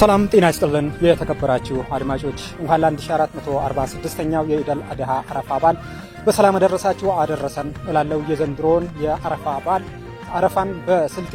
ሰላም ጤና ይስጥልን የተከበራችሁ አድማጮች፣ እንኳን ለ1446ኛው የኢደል አድሃ አረፋ በዓል በሰላም አደረሳችሁ አደረሰን እላለው። የዘንድሮውን የአረፋ በዓል አረፋን በስልጤ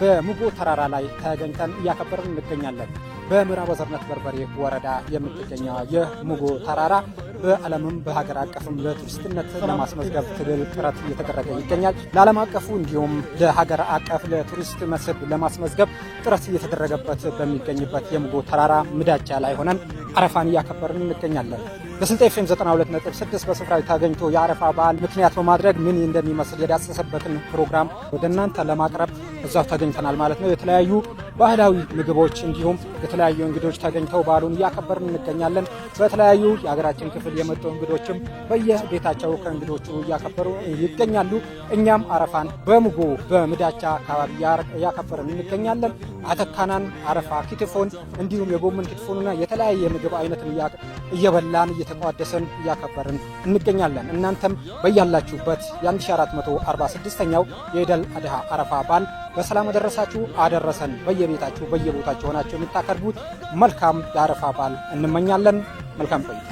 በሙጎ ተራራ ላይ ተገኝተን እያከበርን እንገኛለን። በምዕራብ ወዘርነት በርበሬ ወረዳ የምትገኘው የሙጎ ተራራ በዓለምም በሀገር አቀፍም ለቱሪስትነት ለማስመዝገብ ትልል ጥረት እየተደረገ ይገኛል። ለዓለም አቀፉ እንዲሁም ለሀገር አቀፍ ለቱሪስት መስህብ ለማስመዝገብ ጥረት እየተደረገበት በሚገኝበት የምጎ ተራራ ምዳጃ ላይ ሆነን አረፋን እያከበርን እንገኛለን። በስልጤ ኤፍኤም 92.6 በስፍራው ተገኝቶ የአረፋ በዓል ምክንያት በማድረግ ምን እንደሚመስል የዳሰሰበትን ፕሮግራም ወደ እናንተ ለማቅረብ እዛው ተገኝተናል ማለት ነው። የተለያዩ ባህላዊ ምግቦች እንዲሁም የተለያዩ እንግዶች ተገኝተው በዓሉን እያከበርን እንገኛለን። በተለያዩ የሀገራችን ክፍል የመጡ እንግዶችም በየቤታቸው ከእንግዶቹ እያከበሩ ይገኛሉ። እኛም አረፋን በሙጎ በምዳቻ አካባቢ እያከበርን እንገኛለን። አተካናን፣ አረፋ፣ ክትፎን እንዲሁም የጎመን ክትፎንና የተለያየ የምግብ አይነትን እየበላን እየተቋደሰን እያከበርን እንገኛለን። እናንተም በያላችሁበት የ1446ኛው የኢደል አድሃ አረፋ በዓል በሰላም አደረሳችሁ አደረሰን። በየቤታችሁ በየቦታችሁ ሆናችሁ የምታከርቡት መልካም የአረፋ በዓል እንመኛለን። መልካም ቆይታ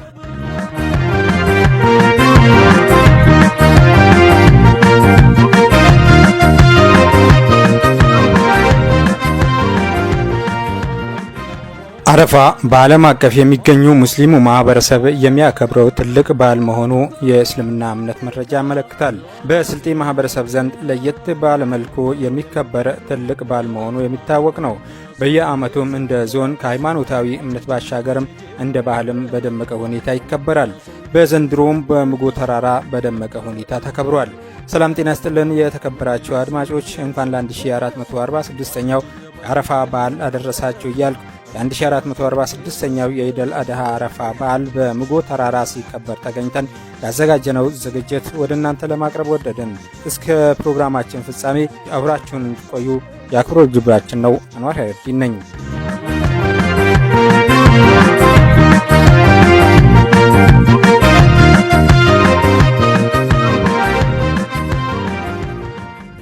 አረፋ በዓለም አቀፍ የሚገኙ ሙስሊሙ ማህበረሰብ የሚያከብረው ትልቅ በዓል መሆኑ የእስልምና እምነት መረጃ ያመለክታል። በስልጤ ማህበረሰብ ዘንድ ለየት ባለ መልኩ የሚከበር ትልቅ በዓል መሆኑ የሚታወቅ ነው። በየዓመቱም እንደ ዞን ከሃይማኖታዊ እምነት ባሻገርም እንደ ባህልም በደመቀ ሁኔታ ይከበራል። በዘንድሮም በሙጎ ተራራ በደመቀ ሁኔታ ተከብሯል። ሰላም ጤና ስጥልን የተከበራችሁ አድማጮች እንኳን ለ1446ኛው የአረፋ በዓል አደረሳችሁ እያልኩ የ1446ኛው የኢደል አድሃ አረፋ በዓል በምጎ ተራራ ሲከበር ተገኝተን ያዘጋጀነው ዝግጅት ወደ እናንተ ለማቅረብ ወደድን። እስከ ፕሮግራማችን ፍጻሜ አብራችሁን እንድትቆዩ የአክብሮት ግብራችን ነው። አንዋር ሀይርዲን ነኝ።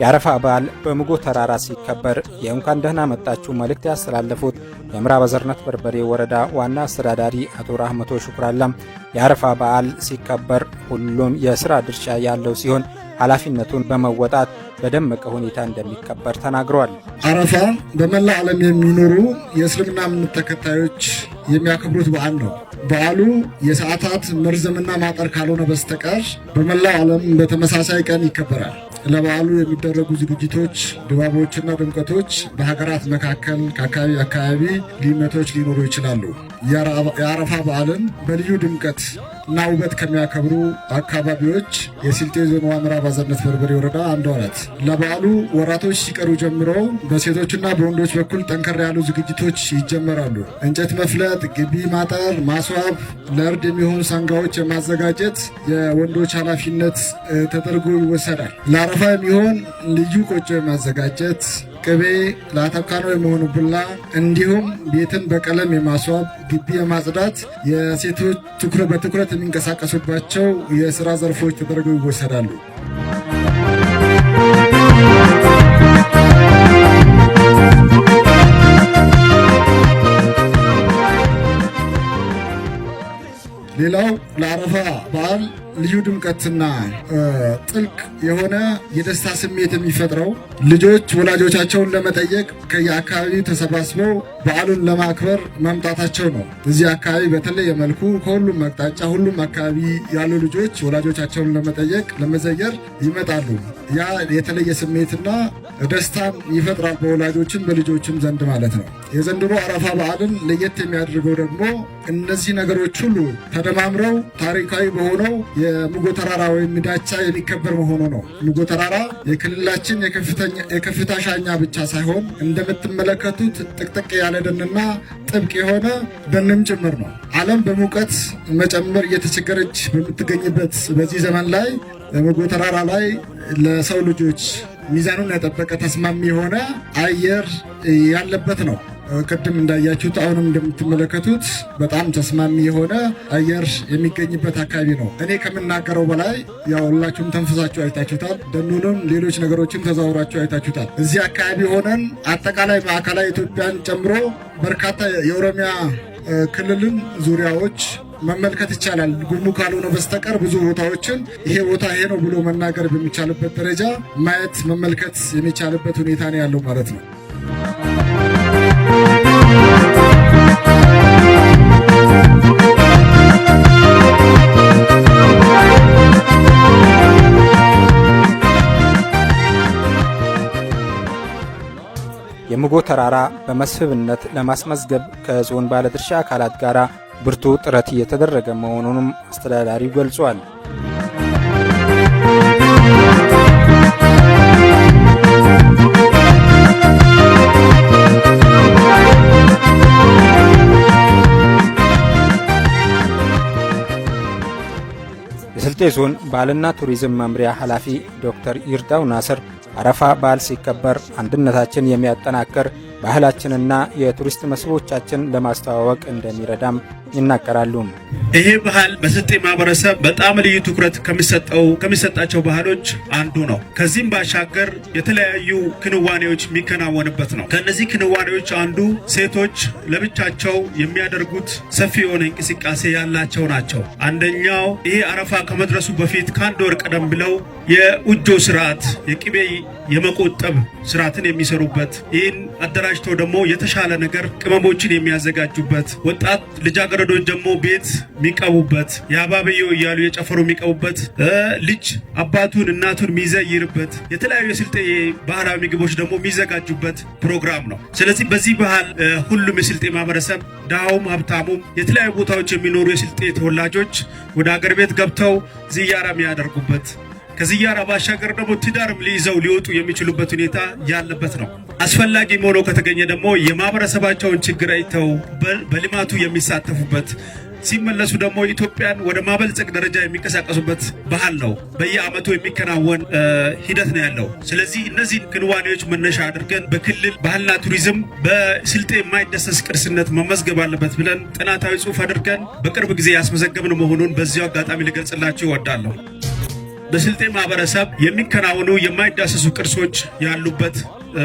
የአረፋ በዓል በሙጎ ተራራ ሲከበር የእንኳን ደህና መጣችሁ መልእክት ያስተላለፉት የምዕራብ አዘርነት በርበሬ ወረዳ ዋና አስተዳዳሪ አቶ ራህመቶ ሹኩራላም የአረፋ በዓል ሲከበር ሁሉም የስራ ድርሻ ያለው ሲሆን ኃላፊነቱን በመወጣት በደመቀ ሁኔታ እንደሚከበር ተናግረዋል። አረፋ በመላ ዓለም የሚኖሩ የእስልምና እምነት ተከታዮች የሚያከብሩት በዓል ነው። በዓሉ የሰዓታት መርዘምና ማጠር ካልሆነ በስተቀር በመላ ዓለም በተመሳሳይ ቀን ይከበራል። ለበዓሉ የሚደረጉ ዝግጅቶች፣ ድባቦችና ድምቀቶች በሀገራት መካከል ከአካባቢ አካባቢ ልዩነቶች ሊኖሩ ይችላሉ። የአረፋ በዓልን በልዩ ድምቀት እና ውበት ከሚያከብሩ አካባቢዎች የስልጤ ዞን ዋምራ ባዘነት በርበሬ ወረዳ አንዷ ናት። ለበዓሉ ወራቶች ሲቀሩ ጀምሮ በሴቶችና በወንዶች በኩል ጠንከር ያሉ ዝግጅቶች ይጀመራሉ። እንጨት መፍለጥ፣ ግቢ ማጠር፣ ማስዋብ፣ ለእርድ የሚሆኑ ሳንጋዎች የማዘጋጀት የወንዶች ኃላፊነት ተደርጎ ይወሰዳል። ለአረፋ የሚሆን ልዩ ቆጮ የማዘጋጀት ቅቤ ለአተካኖ የመሆኑ ቡላ እንዲሁም ቤትን በቀለም የማስዋብ ግቢ የማጽዳት የሴቶች በትኩረት የሚንቀሳቀሱባቸው የስራ ዘርፎች ተደርገው ይወሰዳሉ። ሌላው ለአረፋ በዓል ልዩ ድምቀትና ጥልቅ የሆነ የደስታ ስሜት የሚፈጥረው ልጆች ወላጆቻቸውን ለመጠየቅ ከየአካባቢ ተሰባስበው በዓሉን ለማክበር መምጣታቸው ነው። እዚህ አካባቢ በተለየ መልኩ ከሁሉም አቅጣጫ ሁሉም አካባቢ ያሉ ልጆች ወላጆቻቸውን ለመጠየቅ ለመዘየር ይመጣሉ። ያ የተለየ ስሜትና ደስታን ይፈጥራል በወላጆችም በልጆችም ዘንድ ማለት ነው። የዘንድሮ አረፋ በዓልን ለየት የሚያደርገው ደግሞ እነዚህ ነገሮች ሁሉ ተደማምረው ታሪካዊ በሆነው የሙጎ ተራራ ወይም ዳቻ የሚከበር መሆኑ ነው። ሙጎ ተራራ የክልላችን የከፍታ ሻኛ ብቻ ሳይሆን እንደምትመለከቱት ጥቅጥቅ ያለ ደንና ጥብቅ የሆነ ደንም ጭምር ነው። ዓለም በሙቀት መጨመር እየተቸገረች በምትገኝበት በዚህ ዘመን ላይ ሙጎ ተራራ ላይ ለሰው ልጆች ሚዛኑን የጠበቀ ተስማሚ የሆነ አየር ያለበት ነው። ቅድም እንዳያችሁት አሁንም እንደምትመለከቱት በጣም ተስማሚ የሆነ አየር የሚገኝበት አካባቢ ነው። እኔ ከምናገረው በላይ ያው ሁላችሁም ተንፍሳችሁ አይታችሁታል። ደኑንም ሌሎች ነገሮችን ተዛውራችሁ አይታችሁታል። እዚህ አካባቢ ሆነን አጠቃላይ ማዕከላዊ ኢትዮጵያን ጨምሮ በርካታ የኦሮሚያ ክልልን ዙሪያዎች መመልከት ይቻላል። ጉሙ ካልሆነ በስተቀር ብዙ ቦታዎችን ይሄ ቦታ ይሄ ነው ብሎ መናገር በሚቻልበት ደረጃ ማየት መመልከት የሚቻልበት ሁኔታ ነው ያለው ማለት ነው። በምጎ ተራራ በመስህብነት ለማስመዝገብ ከዞን ባለድርሻ አካላት ጋር ብርቱ ጥረት እየተደረገ መሆኑንም አስተዳዳሪው ገልጿል። የስልጤ ዞን ባህልና ቱሪዝም መምሪያ ኃላፊ ዶክተር ይርዳው ናስር አረፋ በዓል ሲከበር አንድነታችን የሚያጠናክር ባህላችንና የቱሪስት መስህቦቻችን ለማስተዋወቅ እንደሚረዳም ይናገራሉ። ይሄ ባህል በስልጤ ማህበረሰብ በጣም ልዩ ትኩረት ከሚሰጣቸው ባህሎች አንዱ ነው። ከዚህም ባሻገር የተለያዩ ክንዋኔዎች የሚከናወንበት ነው። ከእነዚህ ክንዋኔዎች አንዱ ሴቶች ለብቻቸው የሚያደርጉት ሰፊ የሆነ እንቅስቃሴ ያላቸው ናቸው። አንደኛው ይሄ አረፋ ከመድረሱ በፊት ከአንድ ወር ቀደም ብለው የውጆ ስርዓት የቅቤ የመቆጠብ ስርዓትን የሚሰሩበት ይህን አደራ ተደራጅተው ደግሞ የተሻለ ነገር ቅመሞችን የሚያዘጋጁበት ወጣት ልጃገረዶች ደግሞ ቤት የሚቀቡበት የአባብየው እያሉ የጨፈሩ የሚቀቡበት ልጅ አባቱን እናቱን የሚዘይርበት የተለያዩ የስልጤ ባህላዊ ምግቦች ደግሞ የሚዘጋጁበት ፕሮግራም ነው። ስለዚህ በዚህ ባህል ሁሉም የስልጤ ማህበረሰብ ድሃውም ሀብታሙም የተለያዩ ቦታዎች የሚኖሩ የስልጤ ተወላጆች ወደ አገር ቤት ገብተው ዝያራ የሚያደርጉበት ከዝያራ ባሻገር ደግሞ ትዳርም ሊይዘው ሊወጡ የሚችሉበት ሁኔታ ያለበት ነው። አስፈላጊ ሆኖ ከተገኘ ደግሞ የማህበረሰባቸውን ችግር አይተው በልማቱ የሚሳተፉበት ሲመለሱ ደግሞ ኢትዮጵያን ወደ ማበልጸግ ደረጃ የሚንቀሳቀሱበት ባህል ነው። በየአመቱ የሚከናወን ሂደት ነው ያለው። ስለዚህ እነዚህን ክንዋኔዎች መነሻ አድርገን በክልል ባህልና ቱሪዝም በስልጤ የማይደሰስ ቅርስነት መመዝገብ አለበት ብለን ጥናታዊ ጽሑፍ አድርገን በቅርብ ጊዜ ያስመዘገብን መሆኑን በዚያው አጋጣሚ ልገልጽላችሁ ይወዳለሁ። በስልጤ ማህበረሰብ የሚከናወኑ የማይዳሰሱ ቅርሶች ያሉበት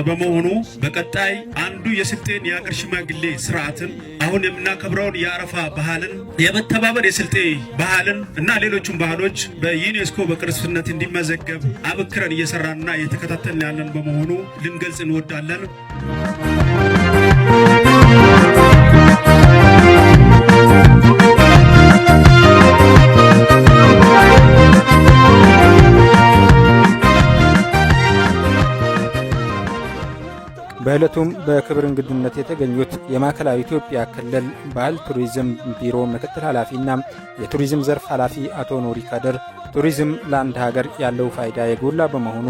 በመሆኑ በቀጣይ አንዱ የስልጤን የአገር ሽማግሌ ስርዓትን አሁን የምናከብረውን የአረፋ ባህልን የመተባበር የስልጤ ባህልን እና ሌሎችን ባህሎች በዩኔስኮ በቅርስነት እንዲመዘገብ አበክረን እየሰራንና እየተከታተልን ያለን በመሆኑ ልንገልጽ እንወዳለን። በዕለቱም በክብር እንግድነት የተገኙት የማዕከላዊ ኢትዮጵያ ክልል ባህል ቱሪዝም ቢሮ ምክትል ኃላፊና የቱሪዝም ዘርፍ ኃላፊ አቶ ኖሪ ካድር ቱሪዝም ለአንድ ሀገር ያለው ፋይዳ የጎላ በመሆኑ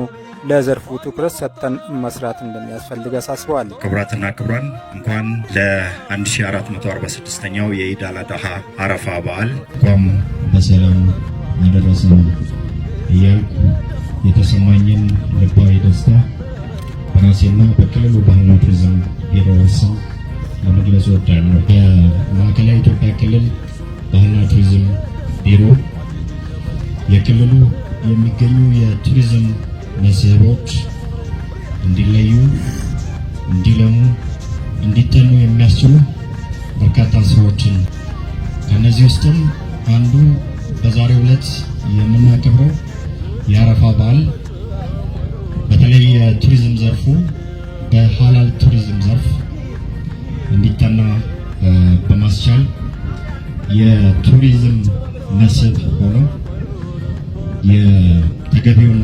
ለዘርፉ ትኩረት ሰጥተን መስራት እንደሚያስፈልግ አሳስበዋል። ክቡራትና ክቡራን እንኳን ለ1446ኛው የኢድ አረፋ በዓል እንኳን በሰላም አደረሰን እያልኩ የተሰማኝን ዜና በክልሉ ባህልና ቱሪዝም ቢሮ ስም ለመግለጽ እወዳለሁ። የማዕከላዊ ኢትዮጵያ ክልል ባህልና ቱሪዝም ቢሮ የክልሉ የሚገኙ የቱሪዝም መስህቦች እንዲለዩ፣ እንዲለሙ፣ እንዲጠኑ የሚያስችሉ በርካታ ስራዎችን ከእነዚህ ውስጥም አንዱ በዛሬው ዕለት የምናከብረው የአረፋ በዓል በተለይ የቱሪዝም ዘርፉ በሀላል ቱሪዝም ዘርፍ እንዲጠና በማስቻል የቱሪዝም መስህብ ሆኖ የተገቢውን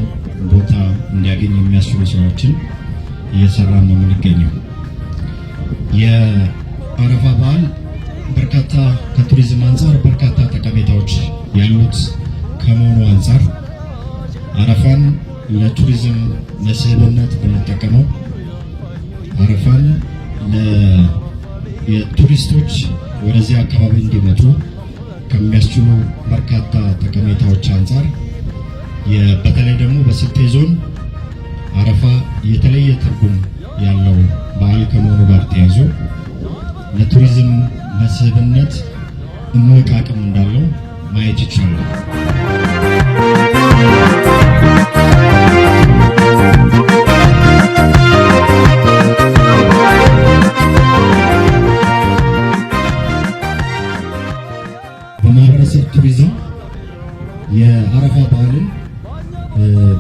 ቦታ እንዲያገኝ የሚያስችሉ ስራዎችን እየሰራ ነው የምንገኘው። የአረፋ በዓል በርካታ ከቱሪዝም አንጻር በርካታ ለቱሪዝም መስህብነት ብንጠቀመው አረፋን የቱሪስቶች ወደዚህ አካባቢ እንዲመጡ ከሚያስችሉ በርካታ ጠቀሜታዎች አንጻር በተለይ ደግሞ በስልጤ ዞን አረፋ የተለየ ትርጉም ያለው በዓል ከመሆኑ ጋር ተያይዞ ለቱሪዝም መስህብነት እምቅ አቅም እንዳለው ማየት ይችላል። የአረፋ በዓልን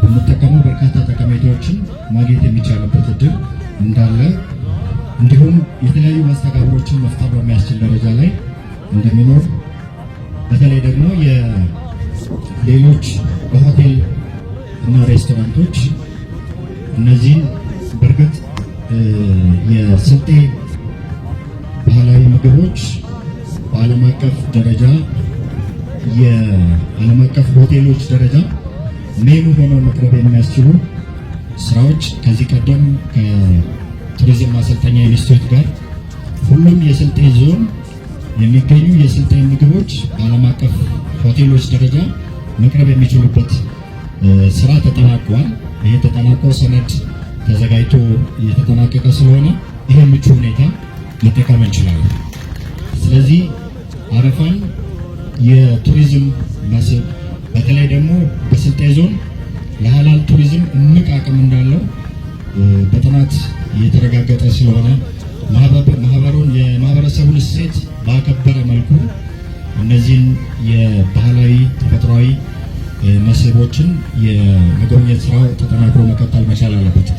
ብንጠቀሙ በርካታ ጠቀሜታዎችን ማግኘት የሚቻልበት እድል እንዳለ እንዲሁም የተለያዩ መስተጋብሮችን መፍጠር በሚያስችል ደረጃ ላይ እንደሚኖር በተለይ ደግሞ የሌሎች በሆቴል እና ሬስቶራንቶች እነዚህን በእርግጥ የስልጤ ባህላዊ ምግቦች በዓለም አቀፍ ደረጃ የዓለም አቀፍ ሆቴሎች ደረጃ ሜኑ ሆነው መቅረብ የሚያስችሉ ስራዎች ከዚህ ቀደም ከቱሪዝም ማሰልጠኛ ኢንስቲትዩት ጋር ሁሉም የስልጤ ዞን የሚገኙ የስልጤ ምግቦች በዓለም አቀፍ ሆቴሎች ደረጃ መቅረብ የሚችሉበት ስራ ተጠናቋል። ይሄ ተጠናቆ ሰነድ ተዘጋጅቶ የተጠናቀቀ ስለሆነ ይሄ ምቹ ሁኔታ መጠቀም እንችላለን። ስለዚህ አረፋን የቱሪዝም መስህብ በተለይ ደግሞ በስልጤ ዞን ለሀላል ቱሪዝም እምቅ አቅም እንዳለው በጥናት የተረጋገጠ ስለሆነ ማህበሩን የማህበረሰቡን እሴት ባከበረ መልኩ እነዚህን የባህላዊ ተፈጥሯዊ መስህቦችን የመጎብኘት ስራ ተጠናክሮ መቀጠል መቻል አለበት።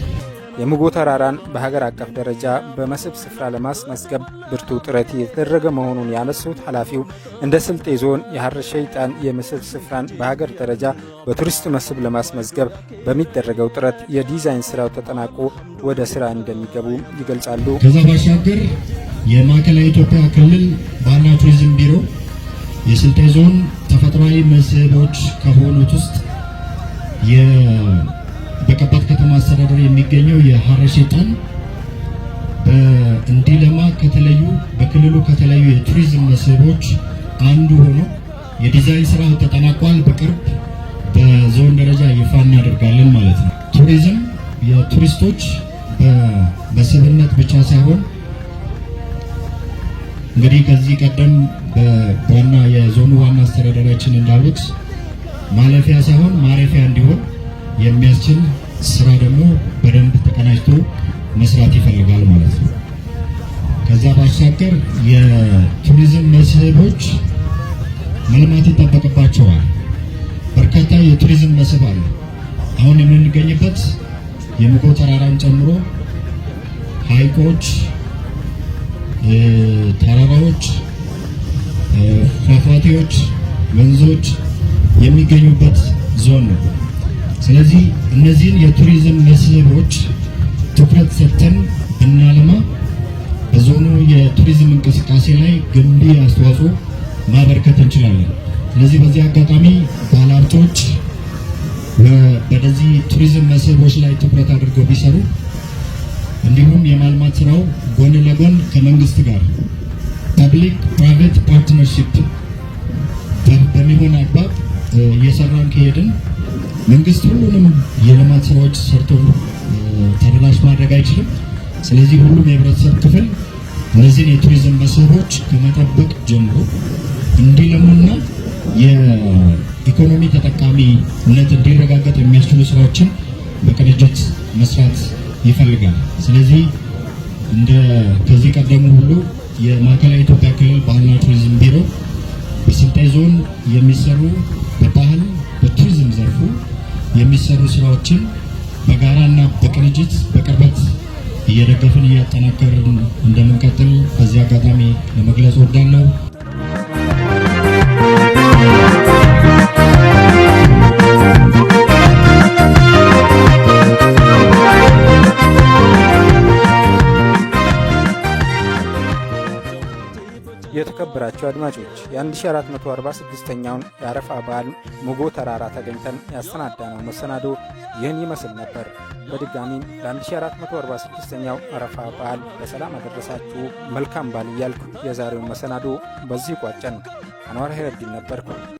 የምጎ ተራራን በሀገር አቀፍ ደረጃ በመስህብ ስፍራ ለማስመዝገብ ብርቱ ጥረት የተደረገ መሆኑን ያነሱት ኃላፊው እንደ ስልጤ ዞን የሐር ሸይጣን የመስህብ ስፍራን በሀገር ደረጃ በቱሪስት መስህብ ለማስመዝገብ በሚደረገው ጥረት የዲዛይን ስራው ተጠናቆ ወደ ስራ እንደሚገቡ ይገልጻሉ። ከዛ ባሻገር የማዕከላዊ ኢትዮጵያ ክልል ባህልና ቱሪዝም ቢሮ የስልጤ ዞን ተፈጥሯዊ መስህቦች ከሆኑት ውስጥ በከባት ከተማ አስተዳደር የሚገኘው የሐረ ሴጣን እንዲለማ ከተለዩ በክልሉ ከተለያዩ የቱሪዝም መስህቦች አንዱ ሆኖ የዲዛይን ስራ ተጠናቋል። በቅርብ በዞን ደረጃ ይፋ እናደርጋለን ማለት ነው። ቱሪዝም የቱሪስቶች በመስህብነት ብቻ ሳይሆን እንግዲህ ከዚህ ቀደም በዋና የዞኑ ዋና አስተዳደሪያችን እንዳሉት ማለፊያ ሳይሆን ማረፊያ እንዲሆን የሚያስችል ስራ ደግሞ በደንብ ተቀናጅቶ መስራት ይፈልጋል ማለት ነው። ከዛ ባሻገር የቱሪዝም መስህቦች መልማት ይጠበቅባቸዋል። በርካታ የቱሪዝም መስህብ አለ። አሁን የምንገኝበት የምቆ ተራራን ጨምሮ ሐይቆች፣ ተራራዎች፣ ፏፏቴዎች፣ ወንዞች የሚገኙበት ዞን ነው። ስለዚህ እነዚህን የቱሪዝም መስህቦች ትኩረት ሰጥተን ብናለማ በዞኑ የቱሪዝም እንቅስቃሴ ላይ ገንቢ አስተዋጽኦ ማበርከት እንችላለን። ስለዚህ በዚህ አጋጣሚ ባለሀብቶች ወደዚህ ቱሪዝም መስህቦች ላይ ትኩረት አድርገው ቢሰሩ እንዲሁም የማልማት ስራው ጎን ለጎን ከመንግስት ጋር ፐብሊክ ፕራይቬት ፓርትነርሺፕ በሚሆን አግባብ እየሰራን ከሄድን መንግስት ሁሉንም የልማት ስራዎች ሰርቶ ተደራሽ ማድረግ አይችልም። ስለዚህ ሁሉም የህብረተሰብ ክፍል እነዚህን የቱሪዝም መስህቦች ከመጠበቅ ጀምሮ እንዲለሙና የኢኮኖሚ ተጠቃሚነት እንዲረጋገጥ የሚያስችሉ ስራዎችን በቅንጅት መስራት ይፈልጋል። ስለዚህ እንደ ከዚህ ቀደሙ ሁሉ የማዕከላዊ ኢትዮጵያ ክልል ባህልና ቱሪዝም ቢሮ በስልጤ ዞን የሚሰሩ በባህል በቱሪዝም ዘርፍ የሚሰሩ ስራዎችን በጋራና በቅንጅት በቅርበት እየደገፍን እያጠናከርን እንደምንቀጥል በዚህ አጋጣሚ ለመግለጽ ወዳለው የተከበራቸው አድማጮች የ1446ኛውን የአረፋ በዓል ሙጎ ተራራ ተገኝተን ያሰናዳነው መሰናዶ ይህን ይመስል ነበር። በድጋሚ ለ1446ኛው አረፋ በዓል በሰላም አደረሳችሁ መልካም በዓል እያልኩ የዛሬውን መሰናዶ በዚህ ቋጨን። አኗር ሄረዲን ነበርኩ።